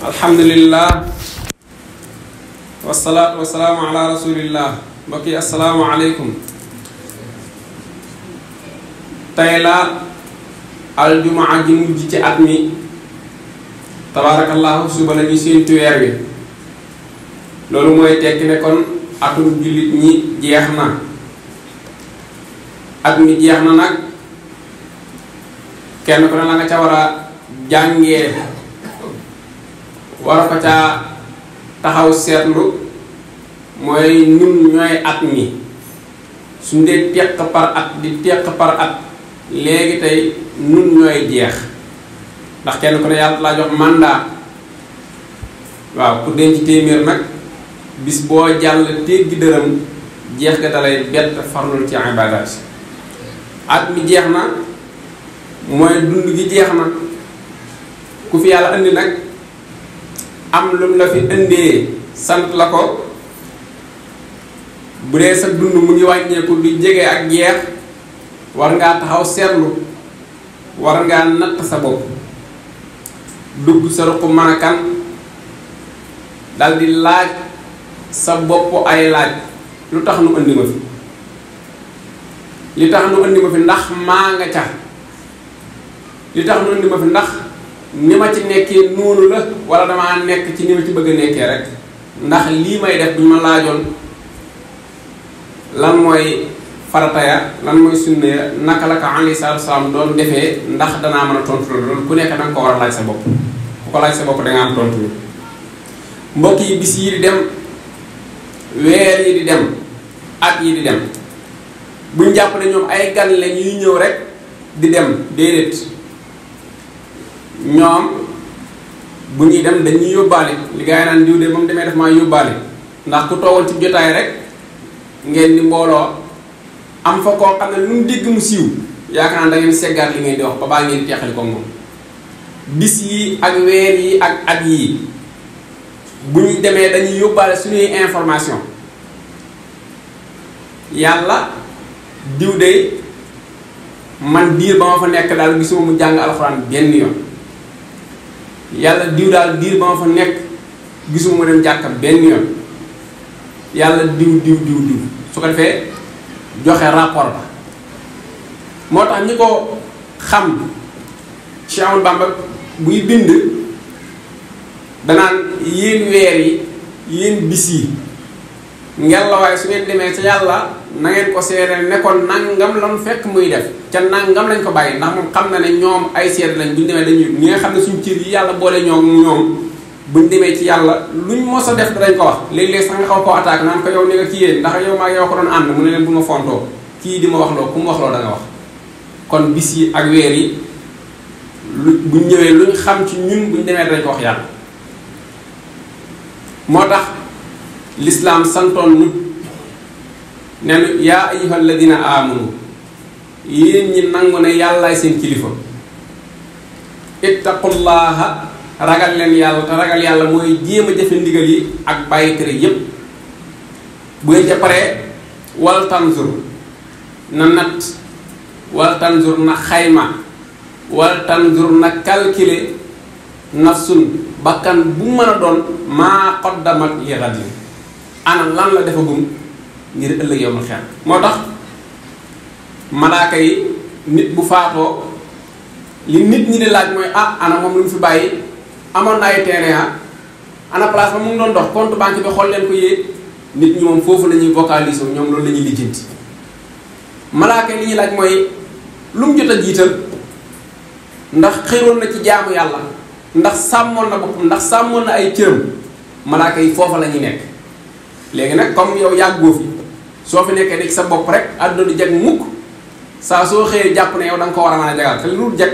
alhamdulillah wasalaatu wasalaamu ala rasulillah mbokk yi asalaamualeykum tey la aljumaa ji mujj ci at mi tabaarakallahu suba la ñu séentu weer wi loolu mooy tekki ne kon atum jullit ñi jeex na at mi jeex na nag kenn ku ne la ca war jàngee war fa ca taxaw setlu moy ñun ñoy at mi suñ dee tek par at di tek par at légui tay ñun ñoy jeex ndax kenn ko ne yàlla laa jox mandat waaw ku denc témir nak bis boo jàll teggi deureum jeex ga dalay bett farlul ci ibadat at mi jeex na mooy dund gi jeex na ku fi yalla andi nak am lum la fi indee sant la ko bude sa dund mu ngi ko du jege ak jeex war nga taxaw seetlu war nga nat sa bop dugg sa manakan dal di laaj sa bop ay laaj lu tax nu andi ma fi li tax nu andi ma fi ndax ma nga ca li tax nu andi ma fi ndax ni ma ci nekkee noonu la wala damaa nekk ci ni ma ci bëgg a nekkee rek ndax lii may def bu ma laajoon lan mooy farataya lan mooy sunna ya naka la ko alayhi salaatu defee ndax danaa mën a tontu loolu ku nekk danga ko war a laaj sa bopp ku ko laaj sa bopp danga am tontu mbokk yi bis yi di dem weer yi di dem ak yi di dem buñ jàpp ne ñoom ay gan la ñuy ñëw rek di dem déedéet ñoom bu ñuy dem dañuy yóbbaale li gaay naan diw de moom demee daf maa yóbbaale ndax ku toogal ci jotaay rek ngeen ni mbooloo am fa koo xam ne lu mu dégg mu siiw yaakaar naa da ngeen seggaat li ngeen di wax ba baa ngeen teexali ko moom bis yi ak weer yi ak at yi bu ñu demee dañuy yóbbaale suñuy information yàlla diw de man diir ba ma fa nekk daal gisuma mu jàng alxuraan benn yoon yalla diw dal diir ba fa nek gisuma mo dem jakka ben yoon yalla diw diw diw diw su ko defé joxe rapport ba motax ñiko xam Cheikh Bamba buy bind danaan yéen weer yi yeen bisi ngel la waaye su ngeen demee ca yàlla na ngeen ko seere ne ko nangam lan fekk muy def ca nangam lañ ko bàyyi ndax moom xam na ne ñoom ay seet lañ buñ demee dañuy ñi nga xam ne suñ cër yi yàlla boole ñoom ñoom buñ ci yàlla luñ mos a def dañ ko wax léeg-léeg sax nga xaw koo attaque naan ko yow ni yéen ndax yow maa yow ko doon ànd mu ne leen bu ma fontoo kii di ma wax loo ku mu wax loo da wax kon bis yi ak weer yi lu buñ ñëwee luñ xam ci ñun buñ demee dañ ko wax yàlla moo tax lislaam santoon ñu ne nu yaa ayyuha alladina aamanu yéen ñi nangu ne yàllaay seen kilifa ittaqullaha ragal leen yàlla te ragal yàlla mooy jéem a jëfe ndigal yi ak bàyyi tere yépp bu ngeen ca na natt wal na xayma wal tanzur na calculer nafsun bakkan bu mën a doon maa qaddamat li ghadin anam lan la defagum ngir ëllëg yowmal xeer moo tax malaaka yi nit bu faatoo li nit ñi di laaj mooy ah ana moom lu mu fi bàyyi amoon na ay terrain ana place ba mu ngi doon dox compte banque bi xool leen ko yéeg nit ñi moom foofu la ñuy vocaliser ñoom loolu la ñuy malaaka li ñuy laaj mooy lu mu jot a jiital ndax xëroon na ci jaamu yàlla ndax sàmmoon na boppam ndax sàmmoon na ay cëram malaaka yi foofa la ñuy nekk légui nak comme yow yàggoo fi so fi nekkee nekk sa bop rek àdduna di jek mukk sa so xëyee japp ne yow dang ko wara a mën a te lu jek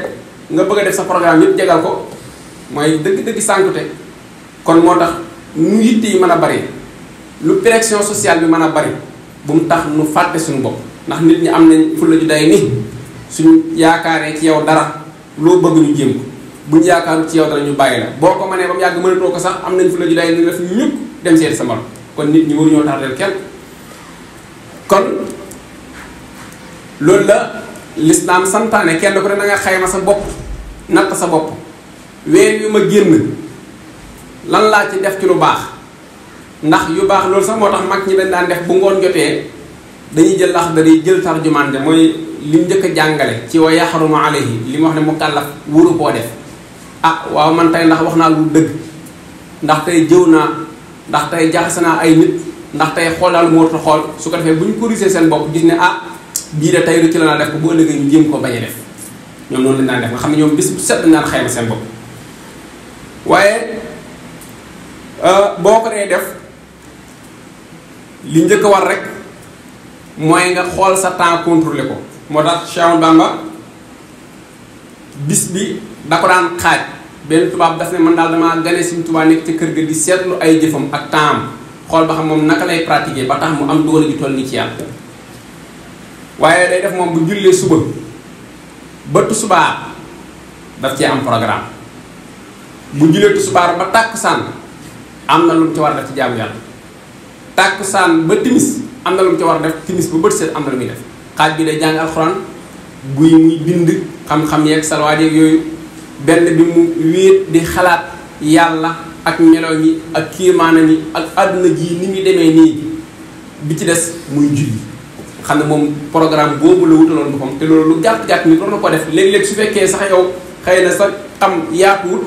nga bëgg def sa programme yëpp jagal ko moy dëgg-dëgg sankuté kon motax ñu yitté yi mëna bari lu pression sociale bi mëna bari bu mu tax nu faté suñu bop ndax nit ñi am nañ fu la ju day ni suñu yaakaaree ci yow dara loo bëgg ñu jëm ko buñ yaakaaru ci yow dara ñu bayila boko boo bam mënee mëna to ko sax am nañ fu la ju day ni la fi ñuk dem seeti sa morom kon nit ñi ñoo tardel kenn kon loolu la l'islam santaane kenn ku ne nga xayma sa bopp natt sa bopp weer yu ma génn lan laa ci def ci lu baax ndax yu baax loolu sax moo tax mag ñi dañ daan def bu ngoon jotee dañuy jël lax dari jël tarjumande mooy lim njëkk a jàngale ci wa yaxaruma alayhi li mu wax ne mu kàllaf wuru koo def ah waaw man tey ndax wax naa lu dëgg ndax tey jëw ndax tey jaxase naa ay nit ndax tey xoolal moo tax xool su ko defee bu ñu corriger seen bopp gis ne ah bii de tey ci la naa def ko bu ëllëgee ñu jéem ko bañ def ñoom noonu lañ daan def nga xam ne ñoom bis bu set dañ daan seen bopp waaye euh, boo ko dee def li njëkk a war rek mooy nga xool sa temps contrôlé ko moo tax nga Bamba bis bi da ko daan xaaj benn tubab daf ne man dal dama gane suñ tuba nek ci kër ga di sétlu ay jëfëm ak taam xol ba xam mom naka lay pratiquer ba tax mu am doole ju toll ni ci yalla waye day def mom bu jullé suba ba suba daf ci am programme bu tu suba ba tàkkusaan am na lu ci war def ci yalla tak san ba timis am na lu ci war def timis bu bët am na lu mi def xaj bi day jang alcorane guy muy bind xam-xam yeeg salawat yeeg yooyu benn bi mu wéet di xalaat yàlla ak melaw yi ak kéemaanam yi ak àdduna gii ni muy demee nii bi ci des muy julli xam ne moom programme boobu la wutaloon boppam te loolu lu gàtt gàtt na ko def léeg-léeg su fekkee sax yow xëy na sa xam yaatuwut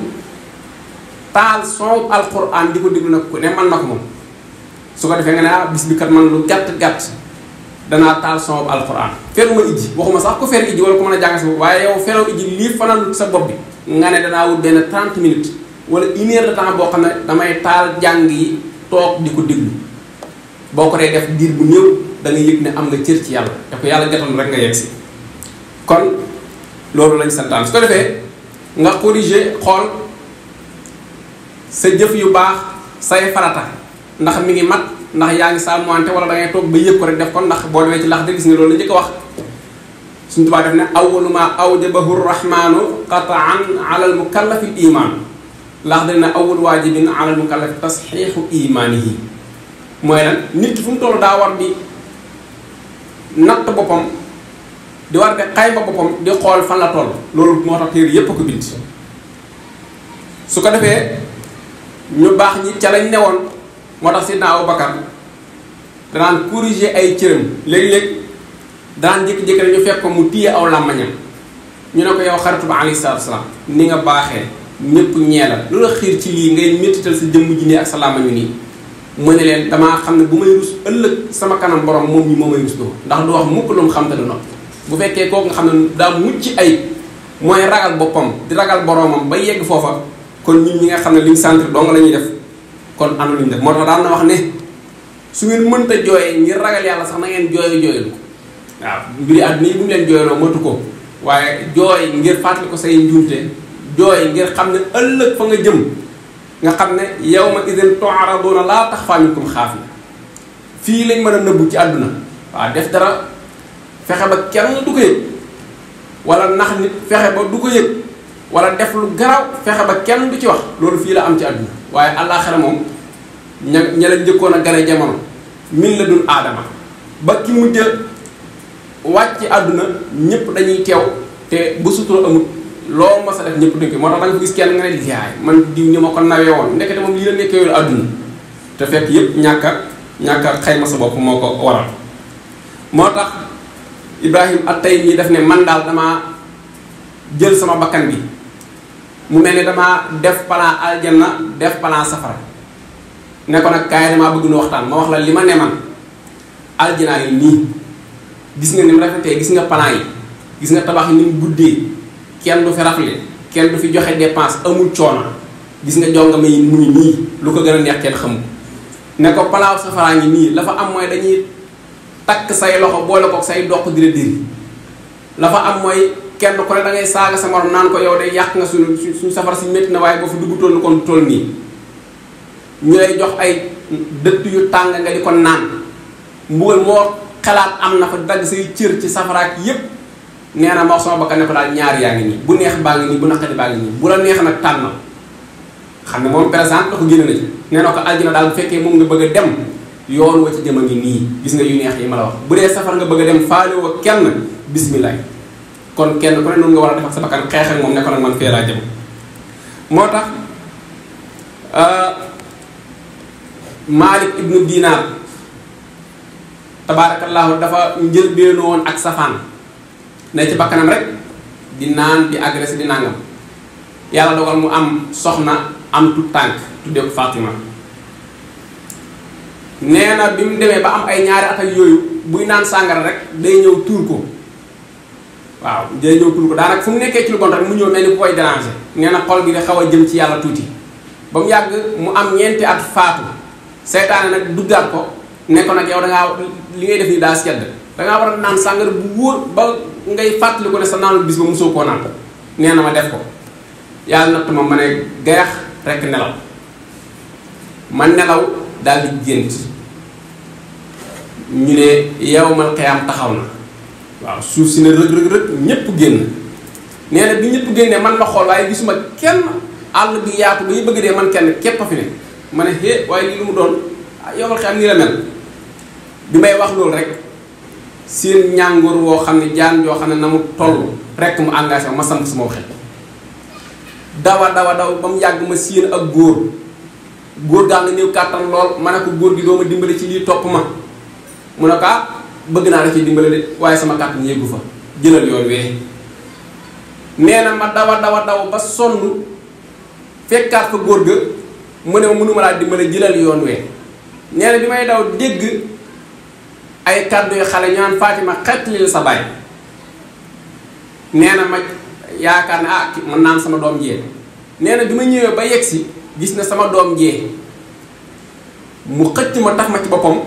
taal soow alquran di ko déglu nag ku ne man moom su ko defee nga ne ah bis bi kat man lu gàtt gàtt danaa taal soow alquran. feruma ijji waxuma sax ko fer ijji wala ko mën a jàng waaye yow feroo ijji sa bopp bi. nga ne dana wut ben 30 minutes wala une heure de temps bo xamne damay tal jang yi tok di deg boko re def dir bu néew da nga yek ne am nga cër ci yalla da ko yalla jottal rek nga yek si kon lolu lañ santaan su ko defé nga corriger xol sa jëf yu bax say farata ndax mi ngi mat ndax yaangi sa sàmmante wala da ngay tok ba yek ko rek def kon ndax bo demee ci lakh de gis nga lolu la njëkk wax suñu Tuubaa def ne awwalu maa awjabahu rahmaanu qataan ala al mukallafi l imaan laax dana ne awwal waajibin ala al mukallafi tasxiixu imaanihi mooy lan nit ki fu daa war di natt boppam di war di xayma boppam di xool fan la toll loolu moo tax téere yépp ko bind su ko defee ñu baax ñi ca lañ newoon moo tax Seydina Abubakar danaan corriger ay cëram léeg-léeg daan jik jik rek ñu fekk ko mu téye aw làmmañam ñu ne ko yow xaritu ba alayhi salatu salaam ni nga baaxee ñëpp ñeela lu la xiir ci lii ngay méttital sa jëmm ji nii ak sa làmmañu ni mu ne len damaa xam ne bu may rus ëllëg sama kanam borom moom ñi moo rus doo ndax du wax mukk lu xam te du bu fekkee kooku nga xam ne mucc ay mooy ragal boppam di ragal boromam ba yegg fofa kon ñun ñi nga xam ne liñ centre dong la ñuy def kon anu luñ def moo tax daan na wax ne su ngeen mënta ngir ragal yala sax na ngeen joye waaw mbiri àdduna yi bu ñu leen jooyloo matu ko waaye jooy ngir fàttali ko say njuute jooy ngir xam ne ëllëg fa nga jëm nga xam ne ma yawma idin tu'raduuna laa taxfaa minkum xaafiya fii lañ mën a nëbbu ci àdduna waaw def dara fexe ba kenn du ko yëg wala nax nit fexe ba du ko yëg wala def lu garaaw fexe ba kenn du ci wax loolu fii la am ci àdduna waaye àllaaxira moom ña ña la njëkkoon a gane jamono min la dul aadama ba ki mujjë wacc aduna ñepp dañuy tew te bu sutura amul lo ma sa def ñepp dëkk mo tax nga gis kenn nga di jaay man diw ñuma ko nawé won nekk té mom li la nekké yu aduna té fekk yépp ñaaka ñaaka ñàkk sa bop moko waral mo tax ibrahim atay ñi def ne man dal dama jël sama bakkan bi mu melni dama def plan aljanna def plan safara ne ko nak kaay damaa bëgg nu waxtaan ma wax la lima ma ne man aljinaa yi ni gis nga ni mu rafetee gis nga plan yi gis nga tabax yi ni mu guddee kenn du fi raflé kenn du fi joxé dépense amul choona gis nga jongama yi muy ni lu ko gëna a neex kenn xam ne ko palaaw safaraa ngi ni la fa am moy dañuy tak say loxo la ko say dokk di la diri la fa am moy kenn ko ne da ngay saga sa mor nan ko yow day yak nga suñu suñu safar si metti na way bo fi dugg toll kon toll ni ñu lay jox ay dëtt yu tang nga di nan mbuul mo kalau am na fa dag say cër ci safara ak yeb na ma sama bakane ko dal ñaar yaangi ni bu neex baangi ni bu naqari baangi ni bu la neex nak tan xamne mom present ko génn na ci neena ko aljina dal fekke mom nga bëgg dem yoon wa ci jëm ni gis nga yu neex yi mala wax bu safar nga bëgg dem faale wa kenn bismillah kon kenn ko non nga wara def ak sa bakane xex ak mom ne ko nak man la jëm motax euh, malik ibnu dinar tabaarakallaahu dafa njëlbeenu woon ak safaan ne ci bakkanam rek di naan di agressé di nangam yàlla dogal mu am soxna am tu tànk tuddee ko Fatima nee na bi mu demee ba am ay ñaari at yooyu buy naan sàngara rek day ñëw tuur ko waaw day ñëw tuur ko daanaka fu mu nekkee ci lu bon rek mu ñëw mel ni ku koy déranger nee na xol gi de xaw a jëm ci yàlla tuuti ba mu yàgg mu am ñeenti at faatu seytaane nag duggaat ko ne ko yow da nga li ngay def ni da sedd da nga war nan sangar bu wor ba ngay fàttali ko ne sa nan bis ba mosoo ko naan neena ma def ko yàlla natt ma mané ne geex rek nelaw man nelaw dal di gént ñu né yawmal qiyam xiyam taxaw na waaw suuf si ne rëg rëg rëg ñepp genn neena bi ñepp genné man ma xol waye gisuma kenn all bi yaatu bi bëgg dé man kenn képp a fi né mané hé waye li lu mu doon ah, yawmal qiyam ni la mel bi wax loolu rek seen ñangor wo xamni jaan jo xam namu toll rek mu engagé ma sant sama xel dawa dawa daw bam yag ma seen ak goor goor gaa nga néew kàttan lool ma ne gi doo dimbali ci li top ma munaka ah, bëgg na la ci dimbali nit waye sama kàttan yéegu fa jëlal yoon wé nee ma dawa dawa daw ba sonu fekkaat fa goor ga mu ne ma mënuma laa jëlal yoon wé nee bi may daw degg ay kaddu yu xale ñaan Fatima xettalil sa bay neena ma yaakaar ah naan sama dom jee neena bima bi ba yexsi gis na sama dom jee mu xëcc ma tax ma ci boppam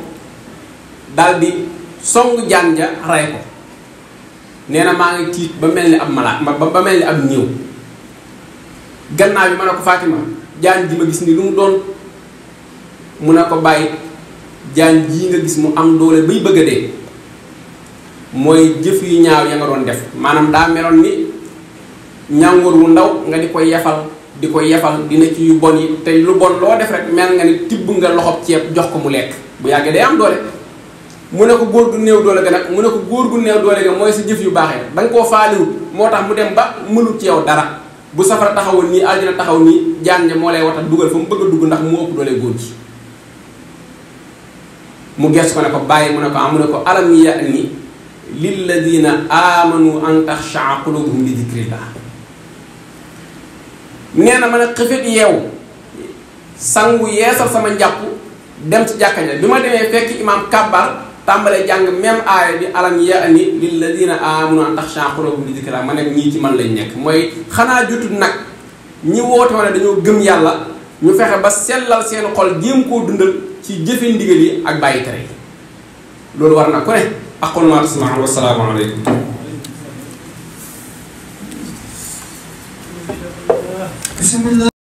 daldi song jaan ray ko neena ma ngi tiit ba melni am ba melni am ñew bi ma ko Fatima jaan di ma gis ni lu mu doon mu ne ko bàyyi jaan ji nga gis mu am doole bay bëgg a dee mooy jëf yu ñaaw ya nga doon def maanaam daa meloon ni ñàngoor wu ndaw nga di koy yefal di koy yefal dina ci yu bon yi te lu bon loo def rek mel nga ni tibb nga loxob ceeb jox ko mu lekk bu yàggee day am doole mu ne ko góor gu néew doole ga nag mu ne ko góor gu néew doole ga mooy sa jëf yu baaxee da nga koo faaliwut moo mu dem ba mënu ci yow dara bu safara taxawul nii aljana taxaw nii jaan ja lay dugal fa mu bëgg a dugg ndax mu ëpp doole góor ci mu ges ko ne ko bàyyi mu ne ko am mu ne ko alam ya'ni lilladina amanu an taxshaa qulubuhum li dikrillah nee na ma ne xëfit yeew sangu yeesal sama njàpp dem ci jàkka ja bi ma demee fekk imaam kàbbar tàmbalee jàng même aaya bi alam ya'ni lilladina amanu an taxshaa qulubuhum li dikrillah ma ne ñii ci man lañ nekk mooy xanaa jotul nag ñi woote woon dañoo gëm yàlla ñu fexe ba sellal seen xol jéem koo dundal ci jëfin digël yi ak bàyyi tere yi loolu war na ko ne aqul ma tasmaxuun wa salaamu aleykum